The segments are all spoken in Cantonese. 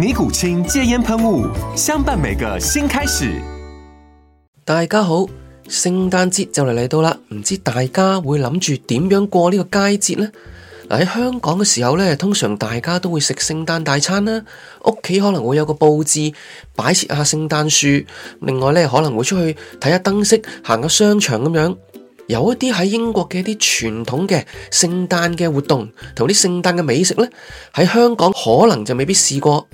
尼古清戒煙噴霧，相伴每個新開始。大家好，聖誕節就嚟嚟到啦，唔知大家會諗住點樣過呢個佳節呢？嗱，喺香港嘅時候呢，通常大家都會食聖誕大餐啦，屋企可能會有個佈置，擺設下聖誕樹，另外呢可能會出去睇下燈飾，行個商場咁樣。有一啲喺英國嘅一啲傳統嘅聖誕嘅活動，同啲聖誕嘅美食呢喺香港可能就未必試過。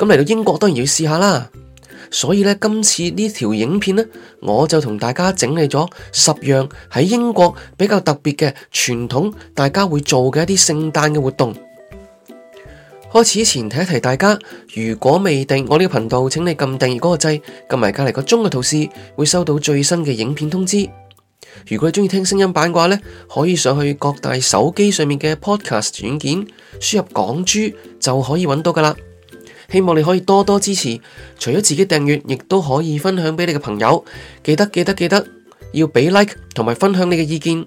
咁嚟到英國當然要試下啦，所以呢，今次呢條影片呢，我就同大家整理咗十樣喺英國比較特別嘅傳統，大家會做嘅一啲聖誕嘅活動。開始前提一提大家，如果未訂我呢個頻道，請你撳訂閱嗰個掣，撳埋隔籬個鐘嘅圖示，會收到最新嘅影片通知。如果你中意聽聲音版嘅話呢，可以上去各大手機上面嘅 Podcast 軟件，輸入港珠就可以揾到噶啦。希望你可以多多支持，除咗自己訂閱，亦都可以分享俾你嘅朋友。記得記得記得要俾 like 同埋分享你嘅意見。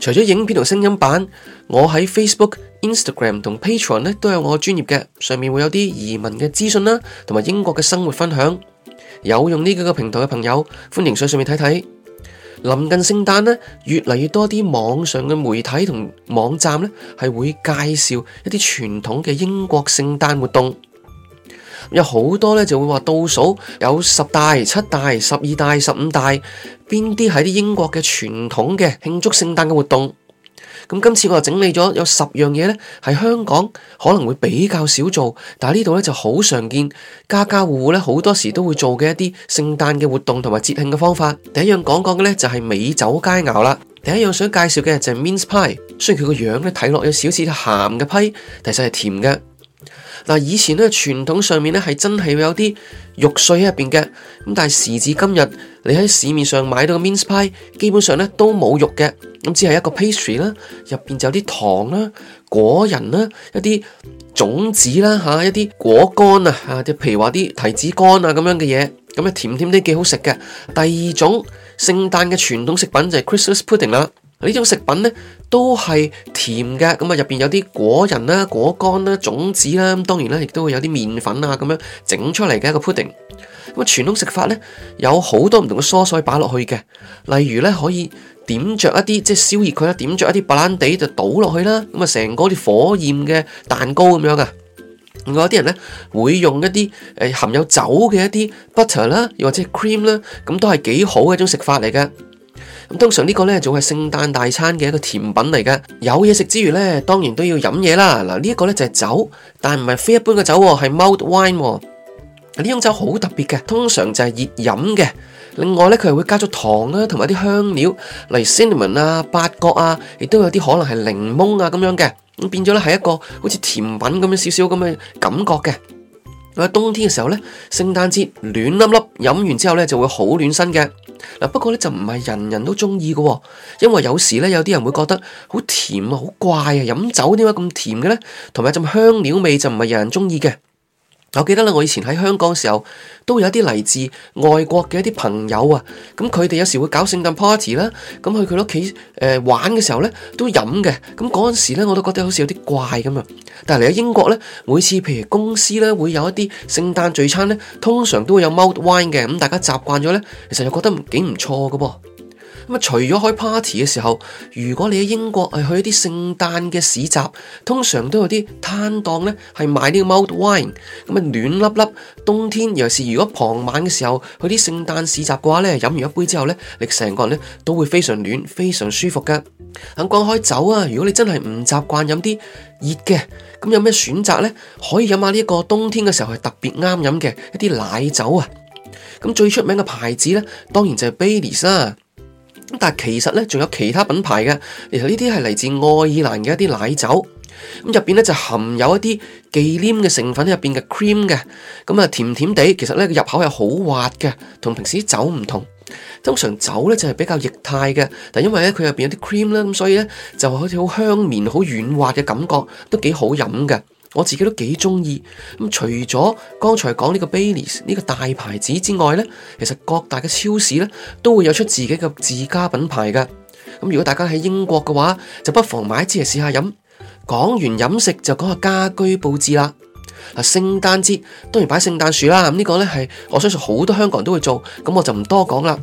除咗影片同聲音版，我喺 Facebook、Instagram 同 Patreon 呢都有我嘅專業嘅，上面會有啲移民嘅資訊啦，同埋英國嘅生活分享。有用呢幾個平台嘅朋友，歡迎上上面睇睇。臨近聖誕呢，越嚟越多啲網上嘅媒體同網站呢，係會介紹一啲傳統嘅英國聖誕活動。有好多呢，就會話倒數有十大、七大、十二大、十五大，邊啲係啲英國嘅傳統嘅慶祝聖誕嘅活動？咁今次我整理咗有十樣嘢呢，喺香港可能會比較少做，但係呢度呢就好常見，家家戶戶呢好多時都會做嘅一啲聖誕嘅活動同埋節慶嘅方法。第一樣講講嘅呢就係美酒佳餚啦。第一樣想介紹嘅就係 mince pie，雖然佢個樣呢睇落有少少鹹嘅批，但其實係甜嘅。嗱，以前咧傳統上面咧係真係會有啲肉碎喺入邊嘅，咁但係時至今日，你喺市面上買到嘅 mince pie 基本上咧都冇肉嘅，咁只係一個 pastry 啦，入邊就有啲糖啦、果仁啦、一啲種子啦嚇、啊、一啲果乾啊嚇，即係譬如話啲提子乾啊咁樣嘅嘢，咁啊甜甜啲幾好食嘅。第二種聖誕嘅傳統食品就係 Christmas pudding 啦、啊，呢種食品咧，都係甜嘅，咁啊入邊有啲果仁啦、果乾啦、種子啦，咁當然啦，亦都會有啲麵粉啊，咁樣整出嚟嘅一個 pudding。咁啊傳統食法呢，有好多唔同嘅蔬菜擺落去嘅，例如呢，可以點着一啲即係燒熱佢啦，點着一啲白蘭地就倒落去啦，咁啊成個好似火焰嘅蛋糕咁樣啊。另有啲人呢，會用一啲誒含有酒嘅一啲 butter 啦，又或者 cream 啦，咁都係幾好嘅一種食法嚟嘅。咁通常呢個呢，仲係聖誕大餐嘅一個甜品嚟㗎。有嘢食之餘呢，當然都要飲嘢啦。嗱，呢一個呢，就係酒，但係唔係非一般嘅酒，係 Mulled Wine。呢種酒好特別嘅，通常就係熱飲嘅。另外呢，佢係會加咗糖啊，同埋啲香料例如 Cinnamon 啊、八角啊，亦都有啲可能係檸檬啊咁樣嘅，咁變咗呢，係一個好似甜品咁樣少少咁嘅感覺嘅。冬天嘅時候呢，聖誕節暖粒粒，飲完之後呢就會好暖身嘅。不過呢，就唔係人人都中意嘅，因為有時呢，有啲人會覺得好甜啊，好怪啊，飲酒點解咁甜嘅呢？同埋一陣香料味就唔係人人中意嘅。我記得啦，我以前喺香港嘅時候，都有一啲嚟自外國嘅一啲朋友啊，咁佢哋有時會搞聖誕 party 啦，咁去佢屋企誒玩嘅時候咧，都飲嘅，咁嗰陣時咧，我都覺得好似有啲怪咁啊。但係嚟喺英國咧，每次譬如公司咧會有一啲聖誕聚餐咧，通常都會有 mulled wine 嘅，咁大家習慣咗咧，其實又覺得幾唔錯嘅噃。除咗開 party 嘅時候，如果你喺英國係去一啲聖誕嘅市集，通常都有啲攤檔呢係賣呢個 mulled wine，咁啊暖粒粒。冬天尤其是如果傍晚嘅時候去啲聖誕市集嘅話呢，飲完一杯之後呢，你成個人呢都會非常暖，非常舒服嘅。咁講開酒啊，如果你真係唔習慣飲啲熱嘅，咁有咩選擇呢？可以飲下呢個冬天嘅時候係特別啱飲嘅一啲奶酒啊。咁最出名嘅牌子呢，當然就係 Baileys 啦。但其實呢，仲有其他品牌嘅，而呢啲係嚟自愛爾蘭嘅一啲奶酒，咁入邊呢就含有一啲忌廉嘅成分，入邊嘅 cream 嘅，咁、嗯、啊甜甜地，其實呢入口係好滑嘅，同平時酒唔同，通常酒呢就係、是、比較液態嘅，但因為呢佢入邊有啲 cream 啦，咁所以呢就好似好香綿、好軟滑嘅感覺，都幾好飲嘅。我自己都幾中意，咁除咗剛才講呢個 Baileys 呢個大牌子之外呢，其實各大嘅超市咧，都會有出自己嘅自家品牌嘅。咁如果大家喺英國嘅話，就不妨買支嚟試下飲。講完飲食就講下家居佈置啦。嗱，聖誕節當然擺聖誕樹啦，呢、這個呢係我相信好多香港人都會做，咁我就唔多講啦。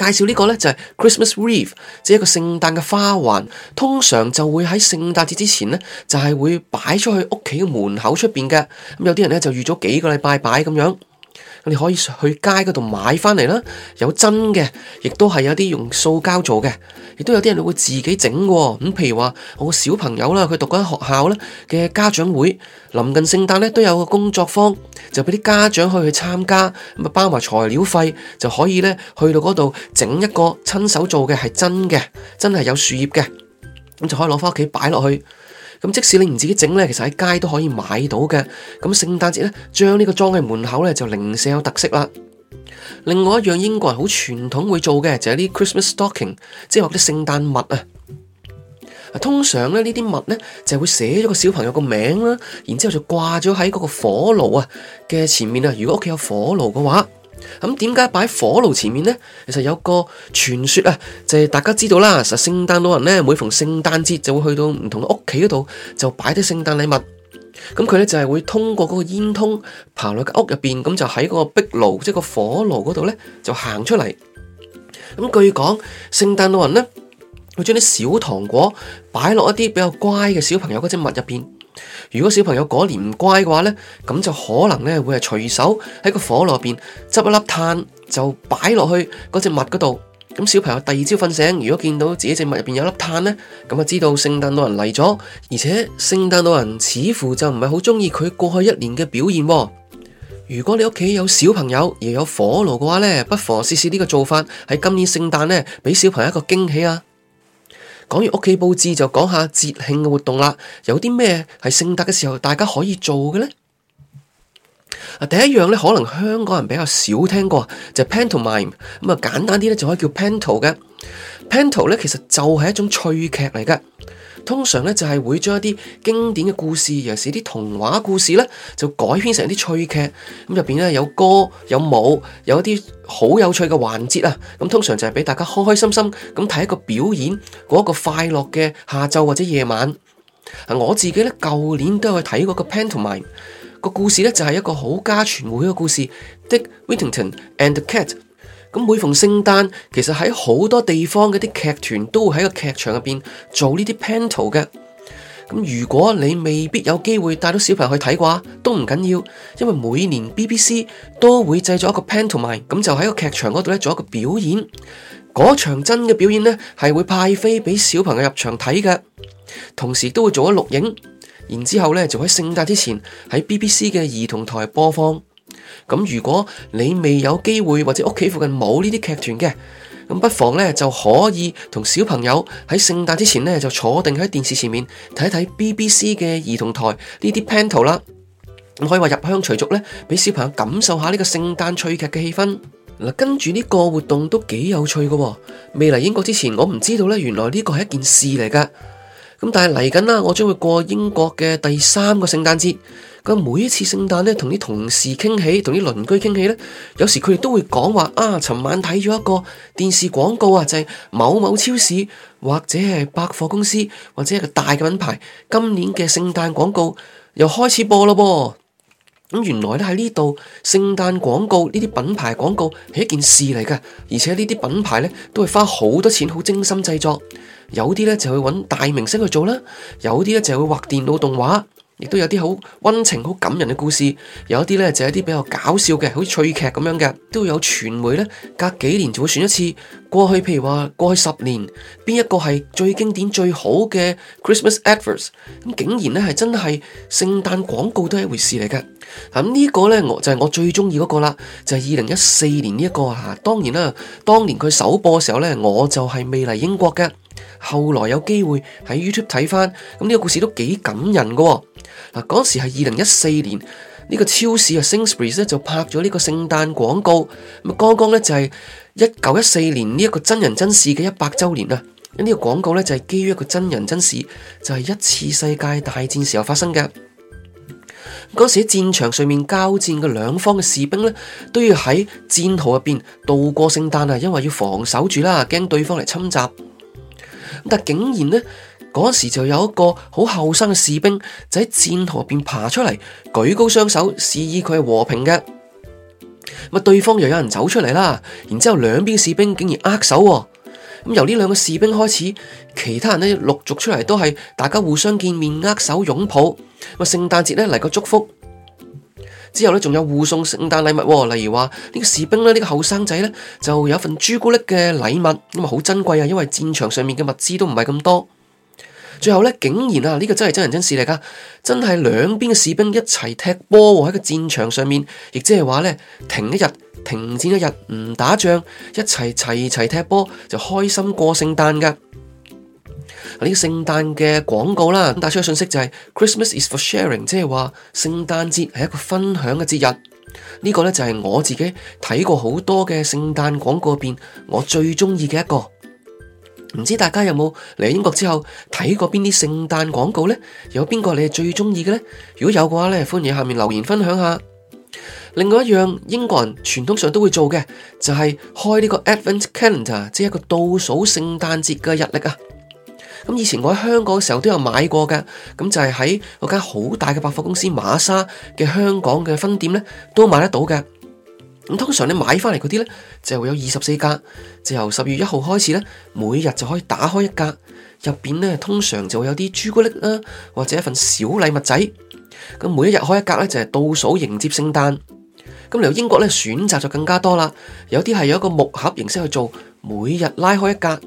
介紹呢個呢，就係 Christmas wreath，即一個聖誕嘅花環，通常就會喺聖誕節之前呢，就係會擺出去屋企嘅門口出邊嘅。咁有啲人呢，就預咗幾個禮拜擺咁樣。你可以去街嗰度買翻嚟啦，有真嘅，亦都係有啲用塑膠做嘅，亦都有啲人會自己整。咁譬如話我個小朋友啦，佢讀緊學校咧嘅家長會，臨近聖誕咧都有個工作坊，就俾啲家長可以去參加，咁啊包埋材料費就可以咧去到嗰度整一個親手做嘅係真嘅，真係有樹葉嘅，咁就可以攞翻屋企擺落去。即使你唔自己整咧，其實喺街都可以買到嘅。咁聖誕節咧，將呢個裝喺門口咧就零舍有特色啦。另外一樣英國人好傳統會做嘅就係啲 Christmas stocking，即係或者聖誕襪啊。通常咧呢啲襪咧就會寫咗個小朋友個名啦，然之後就掛咗喺嗰個火爐啊嘅前面啊。如果屋企有火爐嘅話。咁點解擺火爐前面呢？其實有個傳說啊，就係大家知道啦。實聖誕老人咧，每逢聖誕節就會去到唔同嘅屋企嗰度，就擺啲聖誕禮物。咁佢呢就係會通過嗰個煙囪爬落間屋入邊，咁就喺嗰個壁爐，即係個火爐嗰度呢，就行出嚟。咁據講，聖誕老人呢，會將啲小糖果擺落一啲比較乖嘅小朋友嗰隻襪入邊。如果小朋友嗰年唔乖嘅話呢，咁就可能呢會係隨手喺個火爐入邊執一粒炭就擺落去嗰隻襪。嗰度咁小朋友第二朝瞓醒，如果見到自己隻襪入邊有粒炭呢，咁就知道聖誕老人嚟咗，而且聖誕老人似乎就唔係好中意佢過去一年嘅表現。如果你屋企有小朋友又有火爐嘅話呢，不妨試試呢個做法，喺今年聖誕呢，俾小朋友一個驚喜啊！講完屋企佈置，就講下節慶嘅活動啦。有啲咩係聖誕嘅時候大家可以做嘅呢？第一樣咧，可能香港人比較少聽過，就係 Pantomime 咁啊，簡單啲咧，就可以叫 Panto 嘅。Panto 咧，其實就係一種趣劇嚟㗎。通常咧就係、是、會將一啲經典嘅故事，尤其是啲童話故事咧，就改編成一啲趣劇。咁入邊咧，有歌有舞，有一啲好有趣嘅環節啊！咁通常就係俾大家開開心心咁睇一個表演，過一個快樂嘅下晝或者夜晚。我自己咧舊年都有去睇嗰個 Pantomime，個故事咧就係、是、一個好家傳會嘅故事，《Dick Whittington and the Cat》。每逢聖誕，其實喺好多地方嘅啲劇團都會喺個劇場入邊做呢啲 panto 嘅。咁如果你未必有機會帶到小朋友去睇嘅話，都唔緊要，要，因為每年 BBC 都會製作一個 panto 賣，咁就喺個劇場嗰度做一個表演。嗰場真嘅表演呢，係會派飛俾小朋友入場睇嘅，同時都會做一錄影，然之後呢，就喺聖誕之前喺 BBC 嘅兒童台播放。咁如果你未有機會，或者屋企附近冇呢啲劇團嘅，咁不妨呢就可以同小朋友喺聖誕之前呢就坐定喺電視前面睇一睇 BBC 嘅兒童台呢啲 Panto 啦，咁可以話入鄉隨俗呢，俾小朋友感受下呢個聖誕趣劇嘅氣氛嗱。跟住呢個活動都幾有趣噶、哦，未嚟英國之前我唔知道呢原來呢個係一件事嚟噶。咁但係嚟緊啦，我將會過英國嘅第三個聖誕節。咁每一次聖誕咧，同啲同事傾起，同啲鄰居傾起咧，有時佢哋都會講話啊，尋晚睇咗一個電視廣告啊，就係某某超市或者係百貨公司或者係個大嘅品牌，今年嘅聖誕廣告又開始播喇噃。咁原來咧喺呢度，聖誕廣告呢啲品牌廣告係一件事嚟㗎，而且呢啲品牌咧都會花好多錢，好精心製作。有啲咧就會揾大明星去做啦，有啲咧就會畫電腦動畫，亦都有啲好溫情、好感人嘅故事，有一啲呢，就係、是、一啲比較搞笑嘅，好似趣劇咁樣嘅，都有傳媒呢隔幾年就會選一次過去，譬如話過去十年邊一個係最經典、最好嘅 Christmas adverts，咁竟然呢係真係聖誕廣告都係一回事嚟嘅。咁、嗯、呢、這個呢，我就係、是、我最中意嗰個啦，就係二零一四年呢、這、一個嚇。當然啦，當年佢首播嘅時候呢，我就係未嚟英國嘅。後來有機會喺 YouTube 睇翻，咁呢個故事都幾感人噶、哦。嗱，嗰時係二零一四年，呢、這個超市啊，Sainsbury's 咧就拍咗呢個聖誕廣告。咁剛剛咧就係一九一四年呢一個真人真事嘅一百周年啊。咁呢個廣告呢，就係基於一個真人真事，就係、是、一次世界大戰時候發生嘅。嗰時喺戰場上面交戰嘅兩方嘅士兵呢，都要喺戰壕入邊度過聖誕啊，因為要防守住啦，驚對方嚟侵襲。但竟然呢，嗰時就有一個好後生嘅士兵就喺戰壕入邊爬出嚟，舉高雙手示意佢係和平嘅。咁對方又有人走出嚟啦，然之後兩邊士兵竟然握手喎。咁由呢兩個士兵開始，其他人呢陸續出嚟都係大家互相見面握手擁抱。咁啊，聖誕節呢嚟個祝福。之後呢，仲有互送聖誕禮物，例如話呢、這個士兵呢，呢、這個後生仔呢，就有份朱古力嘅禮物，咁啊好珍貴啊，因為戰場上面嘅物資都唔係咁多。最後呢，竟然啊呢、這個真係真人真事嚟㗎，真係兩邊嘅士兵一齊踢波喺個戰場上面，亦即係話呢，停一日停戰一日唔打仗，一齊齊齊踢波就開心過聖誕㗎。呢個聖誕嘅廣告啦，咁帶出個信息就係 Christmas is for sharing，即係話聖誕節係一個分享嘅節日。呢個呢，就係我自己睇過好多嘅聖誕廣告入邊，我最中意嘅一個。唔知大家有冇嚟英國之後睇過邊啲聖誕廣告呢？有邊個你係最中意嘅呢？如果有嘅話呢，歡迎下面留言分享下。另外一樣英國人傳統上都會做嘅，就係開呢個 Advent Calendar，即係一個倒數聖誕節嘅日曆啊。以前我喺香港嘅時候都有買過嘅，咁就係喺嗰間好大嘅百貨公司馬莎嘅香港嘅分店呢，都買得到嘅。咁通常你買返嚟嗰啲咧，就會有二十四格，就由十二月一號開始呢，每日就可以打開一格，入面呢，通常就會有啲朱古力啦、啊，或者一份小禮物仔。咁每一日開一格咧，就係、是、倒數迎接聖誕。咁由英國咧選擇就更加多啦，有啲係有一個木盒形式去做，每日拉開一格。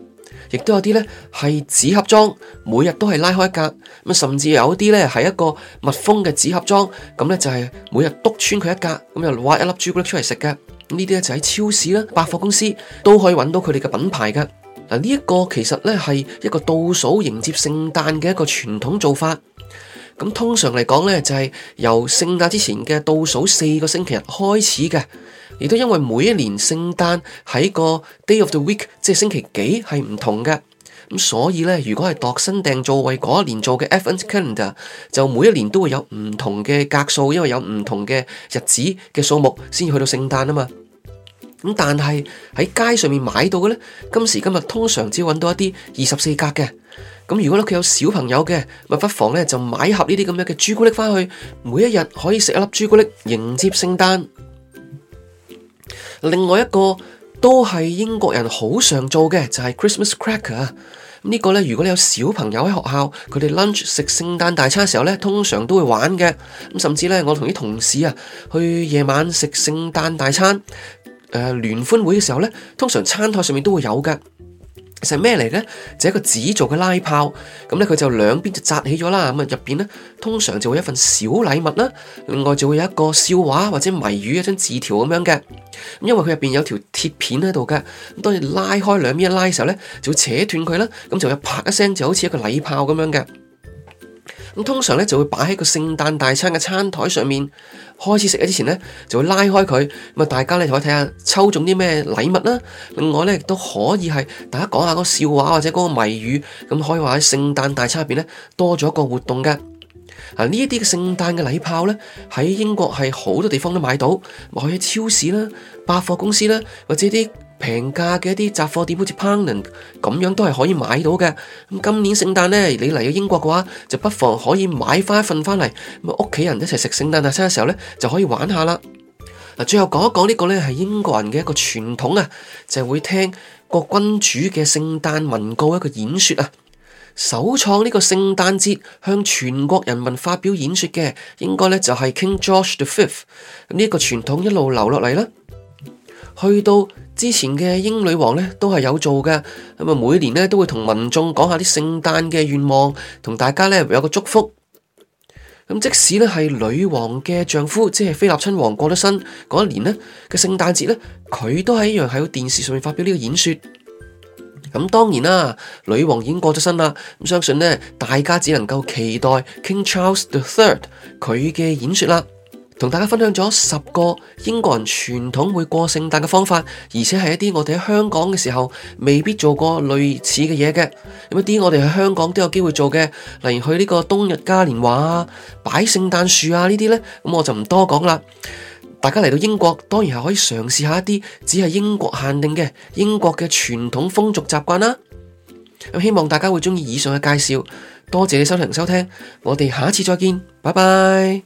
亦都有啲呢係紙盒裝，每日都係拉開一格，咁甚至有一啲呢係一個密封嘅紙盒裝，咁呢就係、是、每日篤穿佢一格，咁又挖一粒朱古力出嚟食嘅。呢啲呢就喺、是、超市啦、百貨公司都可以揾到佢哋嘅品牌㗎。嗱，呢一個其實呢係一個倒數迎接聖誕嘅一個傳統做法。咁通常嚟講呢，就係、是、由聖誕之前嘅倒數四個星期日開始嘅。亦都因為每一年聖誕喺個 day of the week，即係星期幾係唔同嘅，咁所以呢，如果係度身訂做為嗰一年做嘅 Advent calendar，就每一年都會有唔同嘅格數，因為有唔同嘅日子嘅數目先要去到聖誕啊嘛。咁但係喺街上面買到嘅呢，今時今日通常只揾到一啲二十四格嘅。咁如果屋企有小朋友嘅，咪不妨呢，就買盒呢啲咁樣嘅朱古力翻去，每一日可以食一粒朱古力迎接聖誕。另外一個都係英國人好常做嘅，就係 Christmas cracker 啊！呢個咧，如果你有小朋友喺學校，佢哋 lunch 食聖誕大餐嘅時候咧，通常都會玩嘅。甚至咧，我同啲同事啊，去夜晚食聖誕大餐，誒聯歡會嘅時候咧，通常餐枱上面都會有㗎。其實係咩嚟咧？就係一個紙做嘅拉炮，咁咧佢就兩邊就紮起咗啦。咁啊入邊咧，通常就會一份小禮物啦。另外就會有一個笑話或者謎語一張字條咁樣嘅。咁因為佢入邊有條鐵片喺度嘅，咁當然拉開兩邊一拉嘅時候咧，就會扯斷佢啦。咁就會啪一聲，就好似一個禮炮咁樣嘅。咁通常咧就會擺喺個聖誕大餐嘅餐台上面，開始食嘢之前咧就會拉開佢，咁啊大家咧就可以睇下抽中啲咩禮物啦。另外咧亦都可以係大家講下個笑話或者嗰個謎語，咁可以話喺聖誕大餐入邊咧多咗一個活動嘅。啊呢一啲嘅聖誕嘅禮炮咧喺英國係好多地方都買到，咪去超市啦、百貨公司啦或者啲，平價嘅一啲雜貨店，好似 Parnell 咁樣，都係可以買到嘅。咁今年聖誕呢，你嚟到英國嘅話，就不妨可以買翻一份翻嚟，咁屋企人一齊食聖誕大餐嘅時候呢，就可以玩下啦。最後講一講呢個呢，係英國人嘅一個傳統啊，就係會聽國君主嘅聖誕文告一個演說啊。首創呢個聖誕節向全國人民發表演說嘅，應該呢，就係 King George the Fifth。呢一個傳統一路流落嚟啦。去到之前嘅英女王呢，都係有做嘅，咁啊每年呢，都會同民眾講下啲聖誕嘅願望，同大家呢有個祝福。咁即使呢係女王嘅丈夫，即係菲臘親王過咗身嗰一年呢，嘅聖誕節呢，佢都係一樣喺電視上面發表呢個演說。咁當然啦，女王已經過咗身啦，咁相信呢，大家只能夠期待 King Charles the Third 佢嘅演說啦。同大家分享咗十個英國人傳統會過聖誕嘅方法，而且係一啲我哋喺香港嘅時候未必做過類似嘅嘢嘅。有一啲我哋喺香港都有機會做嘅，例如去呢個冬日嘉年華啊、擺聖誕樹啊呢啲呢，咁我就唔多講啦。大家嚟到英國，當然係可以嘗試下一啲只係英國限定嘅英國嘅傳統風俗習慣啦。咁希望大家會中意以上嘅介紹，多謝你收聽收聽，我哋下次再見，拜拜。